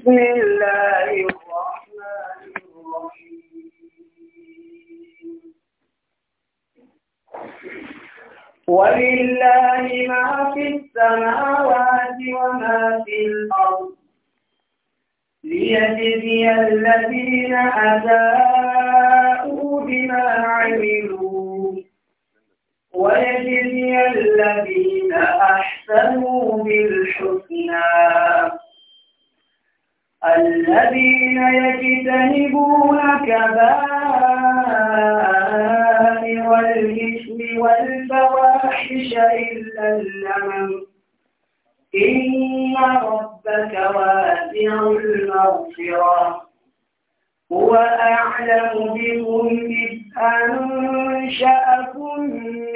بسم الله الرحمن الرحيم ولله ما في السماوات وما في الأرض ليجزي الذين أساءوا بما عملوا ويجزي الذين أحسنوا بالحسنى الذين يجتنبون كبائر والإثم والفواحش إلا اللمم إن ربك واسع المغفرة هو أعلم بهم إذ أنشأكم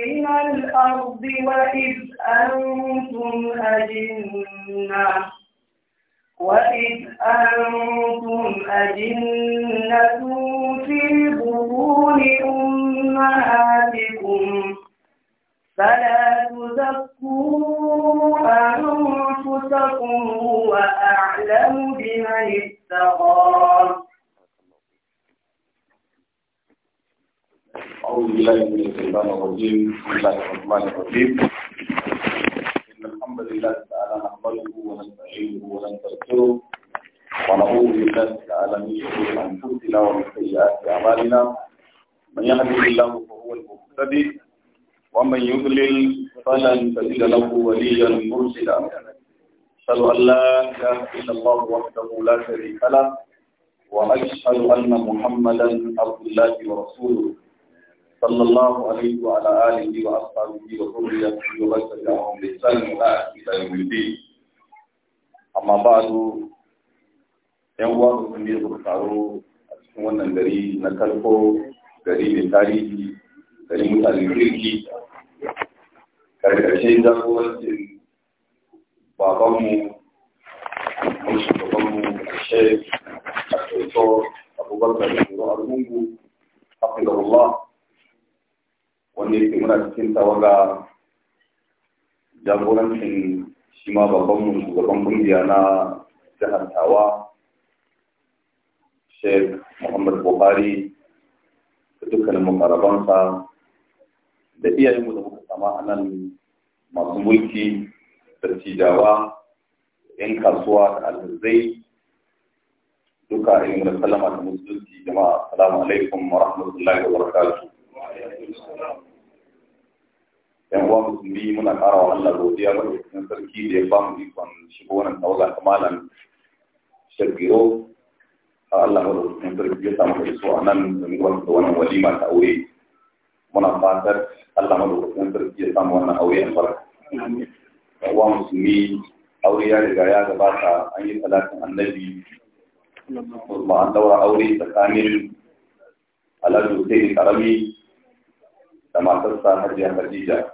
من الأرض وإذ أنتم أجنة وإذ أنتم أجنة في بطون أمهاتكم فلا تزكوا أنفسكم وأعلم بمن اتقى أعوذ بالله من الشيطان الرجيم بسم الله الرحمن الرحيم إن الحمد لله تعالى نستغفره ونستعينه ونستغفره ونعوذ بالله من شرور انفسنا ومن سيئات اعمالنا من يهده الله فهو المهتدي ومن يضلل فلن تجد له وليا مرشدا اشهد ان لا اله الا الله وحده لا شريك له واشهد ان محمدا عبد الله ورسوله صلى الله عليه وعلى آله وأصحابه وذريته ومن تبعهم بإحسان إلى يوم الدين. amma ba su yan uwa sun je taro a cikin wannan gari na kalko gari mai tarihi gari mutanen kirki karkashin jagorancin babanmu kuma shugabanmu a shek a tsoto abubakar da shuru argungu hafizahullah wanda yake muna cikin tawaga jagorancin shi ma babban mu shugaban kungiya na jihar tawa sheikh muhammad buhari da dukkanin makarabansa da iyayenmu da muka sama a nan masu mulki da cijawa yan kasuwa da alhazai duka irin da salama da musulunci jama'a assalamu alaikum wa rahmatullahi wa barakatuh yan uwa musulmi muna ƙara wa Allah godiya ba da cikin sarki da ya ba mu ikon shigo wannan tawaga malam shagiro a Allah ba sarki ya samu da a nan domin wanda wannan walima ta aure muna fatar Allah ma sarki ya samu wannan aure a barka yan uwa musulmi aure ya riga ya gabata an yi talatin annabi ba an aure tsakanin alhaji hussein karami da matarsa hajiya khadija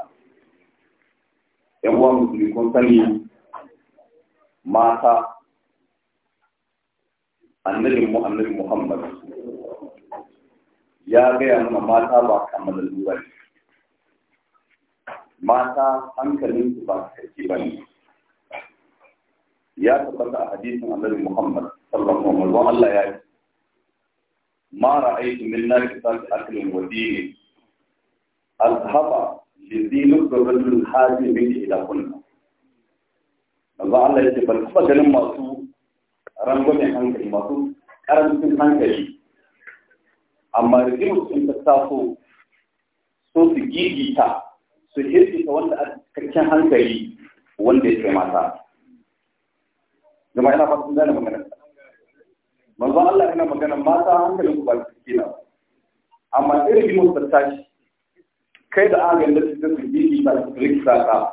yan uwa musulmi kun sani mata annabin mu annabi Muhammad ya gaya mana mata ba kammalallu ba ne mata hankalin su ba kake ba ne ya tabbata a hadisin annabi Muhammad sallallahu alaihi wasallam Allah ya ce ma ra'aytu min naqisati aklin wa dinin azhaba lizinus da rajulun hajji min ila kunna Allah ya ce ban ganin masu hankali masu hankali amma ta so su gigita su wanda a hankali wanda ya mata gane Allah yana magana mata hankalin ku ba su kina amma irin ta kai da aka da su zai yi ba su rikisa ka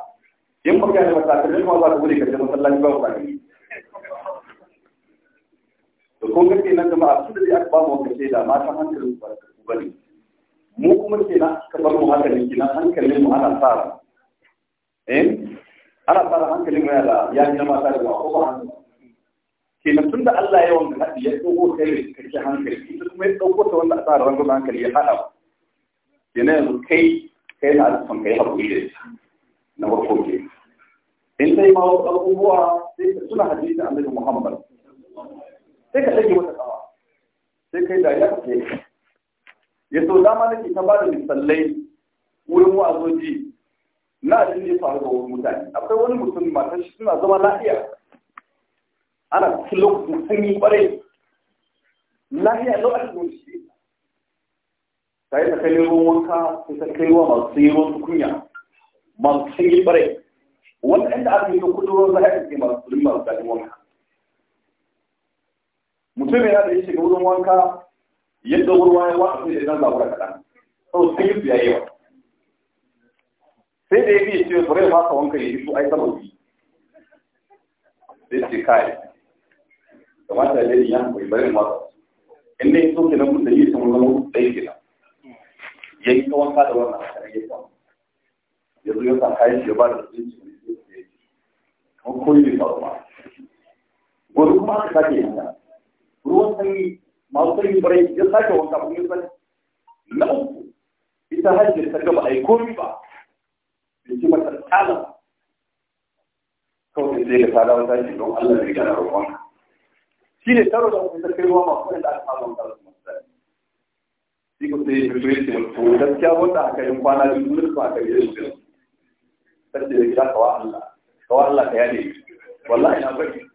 in ba ka yi matakalin ma ba ka gudu ka je masallaci ba ba ne da kun gaske nan jama'a su da zai aka ba mu wata shaida matan hankalin ba su ba ne mu kuma ke na aka bar mu hankalin ki na hankalin mu ana tsara eh ana tsara hankalin mu yana ya ji mata da ko ba hankali ke na tun da Allah ya wanda haɗi ya ɗauko kai da kake hankali ita kuma ya ɗauko ta wanda a tsara rangon hankali ya haɗa ba. na yanzu kai kai na alfan kai haƙuri da ita na farko ke in sai ma wasu abubuwa sai ka suna hadisin annabi Muhammad sai ka ɗage wata kawa sai kai da ya kace ya so dama nake ta ba da misalai wurin wa'azoji na abin da ya faru ga wani mutane akwai wani mutum matar shi suna zama lafiya ana cikin lokacin sanyi kwarai lafiya lokacin shi ta yi ta kai ruwan wanka sai ta kai ruwa masu yi wasu kunya masu sanyi bare wanda inda aka yi kudin ruwan za a yi masu sulmi masu daɗin wanka mutum yana da ya shiga wurin wanka yadda ruwa ya wasu da idan zabura kaɗan sau sun yi biya yawa sai da ya biya ce bari ma ka wanka ya yi su ai saboda sai ce kai kamata da ya yi yan bai bari ma in dai so kenan mun da yi sun zama ɗaya nan. yayi yi wanka da wannan a kan yadda ya zo ya sa kai ya ba da tsinci ne sai koyi ne faru gobe kuma aka ruwan sanyi masu sanyi barai ya sake wanka kuma ya na uku ita hajjiyar ta gaba a yi ba da ce mata tsala kawai sai da ta dawo ta don Allah ne gana roƙon shi ne taro da kai ruwa masu da aka samu shi ku sai firfirci ko gaskiya wanda aka yi kwana biyu ba yi sai da Allah Allah ka yade wallahi na bari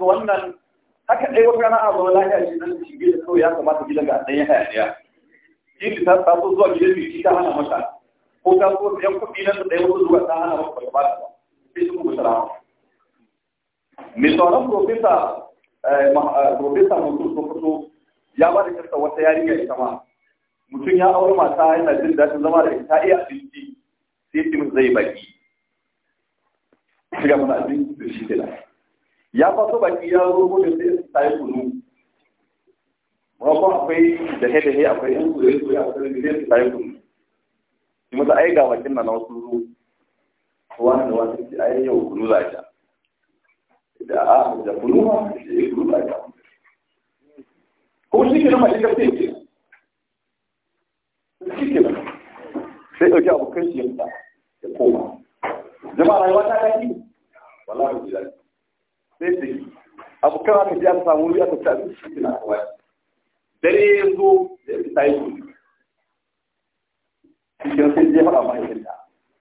wannan haka dai wata rana a zama lafiya shi nan shi gida kawai ya kamata gidan ga hayaniya shi ta zuwa gidan ta hana mata ko ta so yan kuɗi nan da zuwa ta hana mata ba ta sai su tsara mai tsoron profesa eh, eh, profesa ya ba da kasa wata yarinya ita ma mutum ya aure mata yana jin daɗin zama da ita iya abinci sai mutum zai baki shiga mana abin da shi kenan ya faso baki ya rubo da sai su yi kunu maimakon akwai hede dahe akwai yan soye-soye akwai da sai su yi kunu shi mata ai ga bakin na wasu ruwa wani da wani ai yau kunu za ta da a da kunu ma da kunu za ta ko shi ke nan mace ka sai ke shi ke nan sai ɗauki abokan shi yadda ya koma jama'a rayuwa ta daɗi wala ku ji daɗi sai su yi abokan aka ji aka samu wuri aka ci abinci shi ke na kawai dare ya zo da ya fita yi kuɗi shi ke sai je faɗa mahaifinta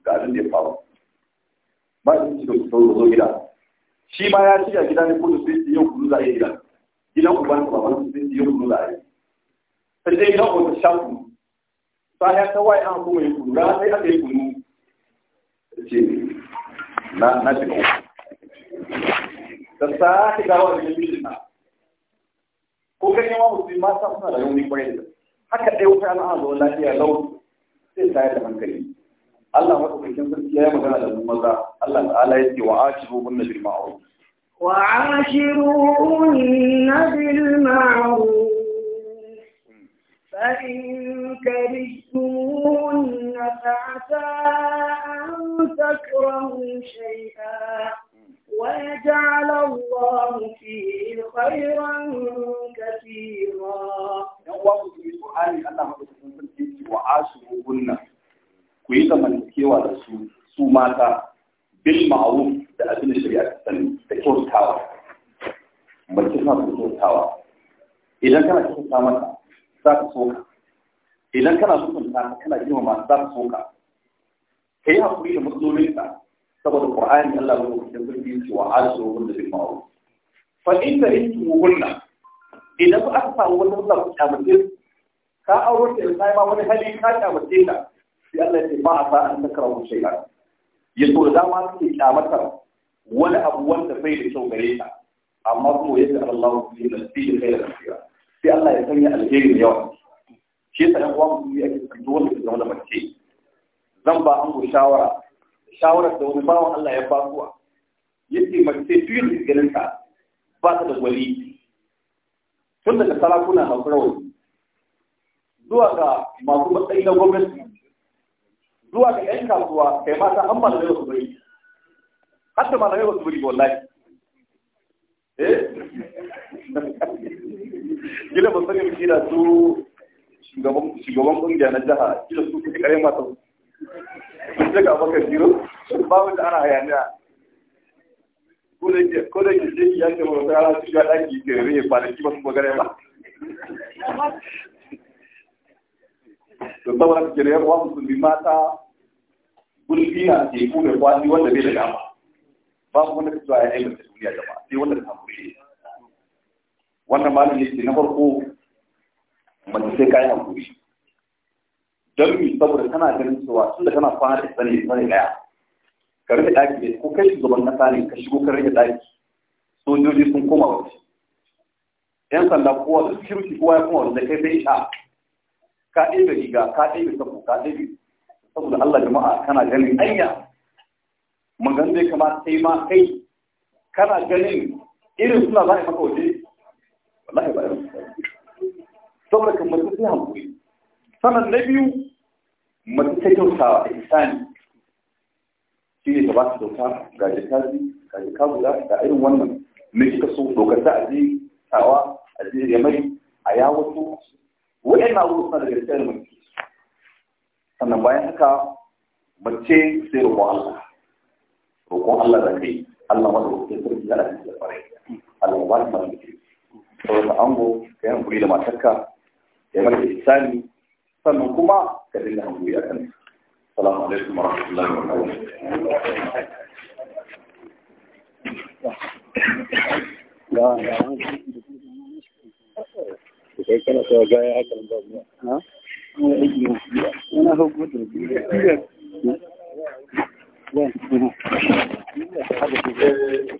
ga abin da ya faru ba a yi ci da kusa zo gida shi ma ya shiga gida ne ko da sai yau kudu za a yi gida gidan uban ka baban su yi kunu da ai sai ya ta an kunu da kunu na da na ko musulmi da da haka na sai da Allah ya magana da mu maza Allah ta'ala ya ce wa وعاشروهن بالمعروف فإن كرهتموهن فعسى أن تكرهوا شيئا ويجعل الله فيه خيرا كثيرا. وعاشروهن ku yi zamantakewa da su su mata bil ma'ruf ta mata za ka soka idan kana sukun ta kana girmama za ka soka ka yi haƙuri da ta saboda ƙwa'ayin Allah ya rubuta zurfi su wa su wanda bai ma'u fa in da in mugunna idan ba aka samu wani Allah ku kyamace ka auro ta sai ma wani hali ka kyamace ta sai Allah ya ce ba a sa an takara mu shaida ya so da dama suke kyamatar wani abu wanda bai da kyau gare ta amma kuma yadda Allah ya yi da kai da nasiha sai Allah ya sanya alheri yau shi yasa ɗan uwan mutum yake da duk da ke zama da mace zan ba an shawara shawarar da wani bawan Allah ya ba kuwa yace mace ganin ta ba ta da gwali tun daga sarakuna na kurawai zuwa ga masu matsayi na gwamnati zuwa ga 'yan kasuwa kai mata an malamai wasu bari har da malamai wasu bari wallahi eh kila ba sani kila su shugaban kungiya na jiha kila su kuɗi kare masu sun daga baka jiro ba wanda ana hayaniya ko da ke ko da ke ya wata ala su ya ɗaki ke rere kwanaki ba su bagare ba don saboda ke da musu bi mata kulfiya ke kuma mai wanda bai da dama ba mu wanda ka zuwa ya da su ne a jama'a wannan malam yake na farko mace sai kayan hakuri don mi saboda tana ganin cewa tun da tana fara da tsare tsare daya ka rage daki ne ko kai shugaban kasa ne ka shigo ka rage daki sojoji sun koma waje yan sanda kowa da security kowa ya koma wanda kai sai sha ka ɗebe riga ka ɗebe sabo ka ɗebe saboda Allah jama'a kana ganin anya magan zai ya kamata ma kai kana ganin irin suna za a yi maka waje wallahi ba saboda kan mace sai hankuri sannan na biyu mace ta kyautawa a isani shi ne ta ba ta kyauta ga jikazi ga jikaguza ga irin wannan me kika so dokar ta aji tsawa aji yamari a yawato wa'annan abubuwa suna daga cikin mutu. sannan bayan haka mace sai roƙon Allah roƙon Allah da kai Allah wanda ke sarki da Allah da fara Allah ba ta mutu. wani ango ka yi hankuri da matarka ya da isani sannan kuma ka dinga hankuri a kan salamu alaikum wa rahmatullahi wa barakatuh